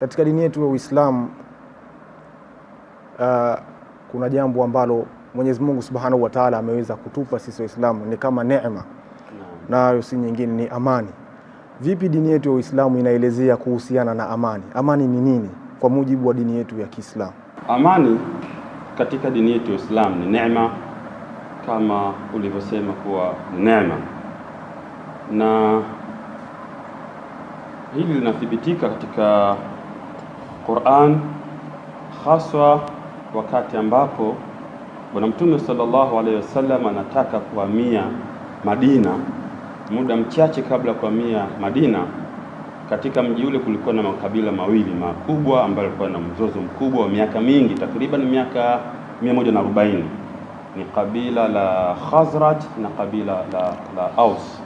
Katika dini yetu ya Uislamu uh, kuna jambo ambalo Mwenyezi Mungu Subhanahu wa Ta'ala ameweza kutupa sisi Waislamu ni kama neema, nayo si nyingine ni amani. Vipi dini yetu ya Uislamu inaelezea kuhusiana na amani? Amani ni nini kwa mujibu wa dini yetu ya Kiislamu? Amani katika dini yetu ya Uislamu ni neema, kama ulivyosema kuwa ni neema na hili linathibitika katika Qur'an, haswa wakati ambapo Bwana Mtume sallallahu alaihi wasallam anataka kuhamia Madina. Muda mchache kabla ya kuhamia Madina, katika mji ule kulikuwa na makabila mawili makubwa ambayo yalikuwa na mzozo mkubwa wa miaka mingi, takriban miaka 140 ni kabila la Khazraj na kabila la, la Aus.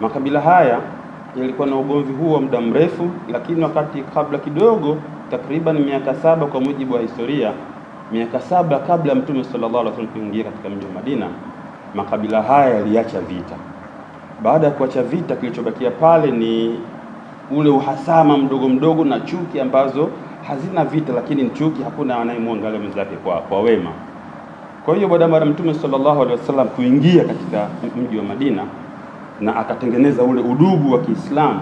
Makabila haya ilikuwa na ugomvi huu wa muda mrefu, lakini wakati kabla kidogo, takriban miaka saba kwa mujibu wa historia, miaka saba kabla ya Mtume sallallahu alaihi wasallam kuingia katika mji wa Madina, makabila haya yaliacha vita. Baada ya kuacha vita, kilichobakia pale ni ule uhasama mdogo mdogo na chuki ambazo hazina vita, lakini ni chuki. Hakuna anayemwangalia mwenzake kwa, kwa wema. Kwa hiyo baada ya Mtume sallallahu alaihi wasallam kuingia katika mji wa Madina na akatengeneza ule udugu wa Kiislamu,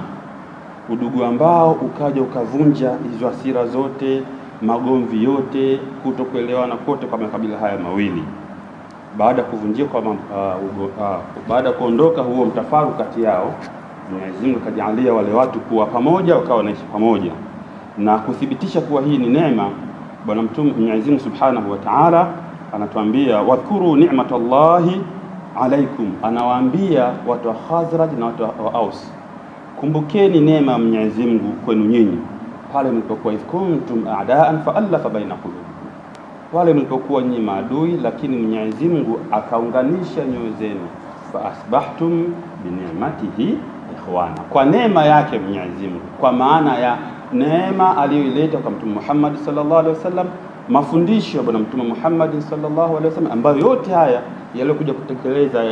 udugu ambao ukaja ukavunja hizo hasira zote, magomvi yote, kutokuelewana kote kwa makabila haya mawili. Baada ya kuvunjika kwa uh, uh, baada ya kuondoka huo mtafaru kati yao, Mwenyezi Mungu akajalia wale watu kuwa pamoja, wakawa wanaishi pamoja na kuthibitisha kuwa hii ni neema. Bwana Mtume Mwenyezi Mungu Subhanahu wa Ta'ala anatuambia, wadhkuru ni'matallahi alaikum, anawaambia watu wa Khazraj na watu wa Aus, kumbukeni neema ya Mwenyezi Mungu kwenu nyinyi pale mlipokuwa idh kuntum a'daan faallafa baina qulubikum, pale mlipokuwa nyinyi maadui, lakini Mwenyezi Mungu akaunganisha nyoyo zenu, faasbahtum ni'matihi ikhwana, kwa neema yake Mwenyezi Mungu, kwa maana ya neema aliyoileta kwa Mtume Muhammad sallallahu alaihi wasallam, mafundisho ya Bwana Mtume Muhammad sallallahu alaihi wasallam, ambayo yote haya yaliyokuja kutekeleza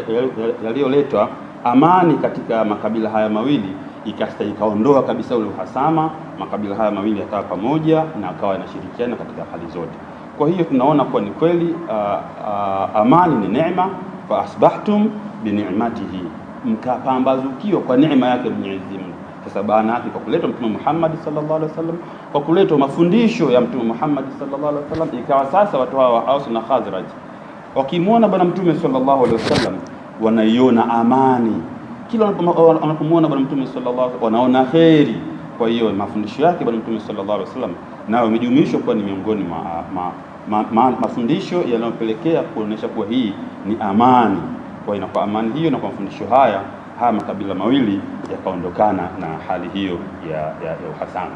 yaliyoletwa amani katika makabila haya mawili ikasta ikaondoa kabisa ule uhasama, makabila haya mawili yakawa pamoja na akawa yanashirikiana katika hali zote. Kwa hiyo tunaona kuwa ni kweli uh, uh, amani ni neema, fa asbahtum bi ni'matihi, mkapambazukiwa kwa neema yake Mwenyezi Mungu. Sasa baana yake kwa kuletwa Mtume Muhammad sallallahu alaihi wasallam, kwa kuletwa mafundisho ya Mtume Muhammad sallallahu alaihi wasallam, ikawa sasa watu hawa Ausi na Khazraj wakimwona Bwana Mtume sallallahu alaihi wasallam wanaiona amani, kila wanapomwona Bwana Mtume sallallahu alaihi wasallam wanaona kheri. Kwa hiyo mafundisho yake Bwana Mtume sallallahu alaihi wasallam nayo imejumuishwa kuwa ni miongoni mwa ma, ma, ma, mafundisho yanayopelekea kuonesha kuwa hii ni amani. Kwa hiyo kwa amani hiyo na kwa mafundisho haya haya makabila mawili yakaondokana na hali hiyo ya, ya, ya uhasama.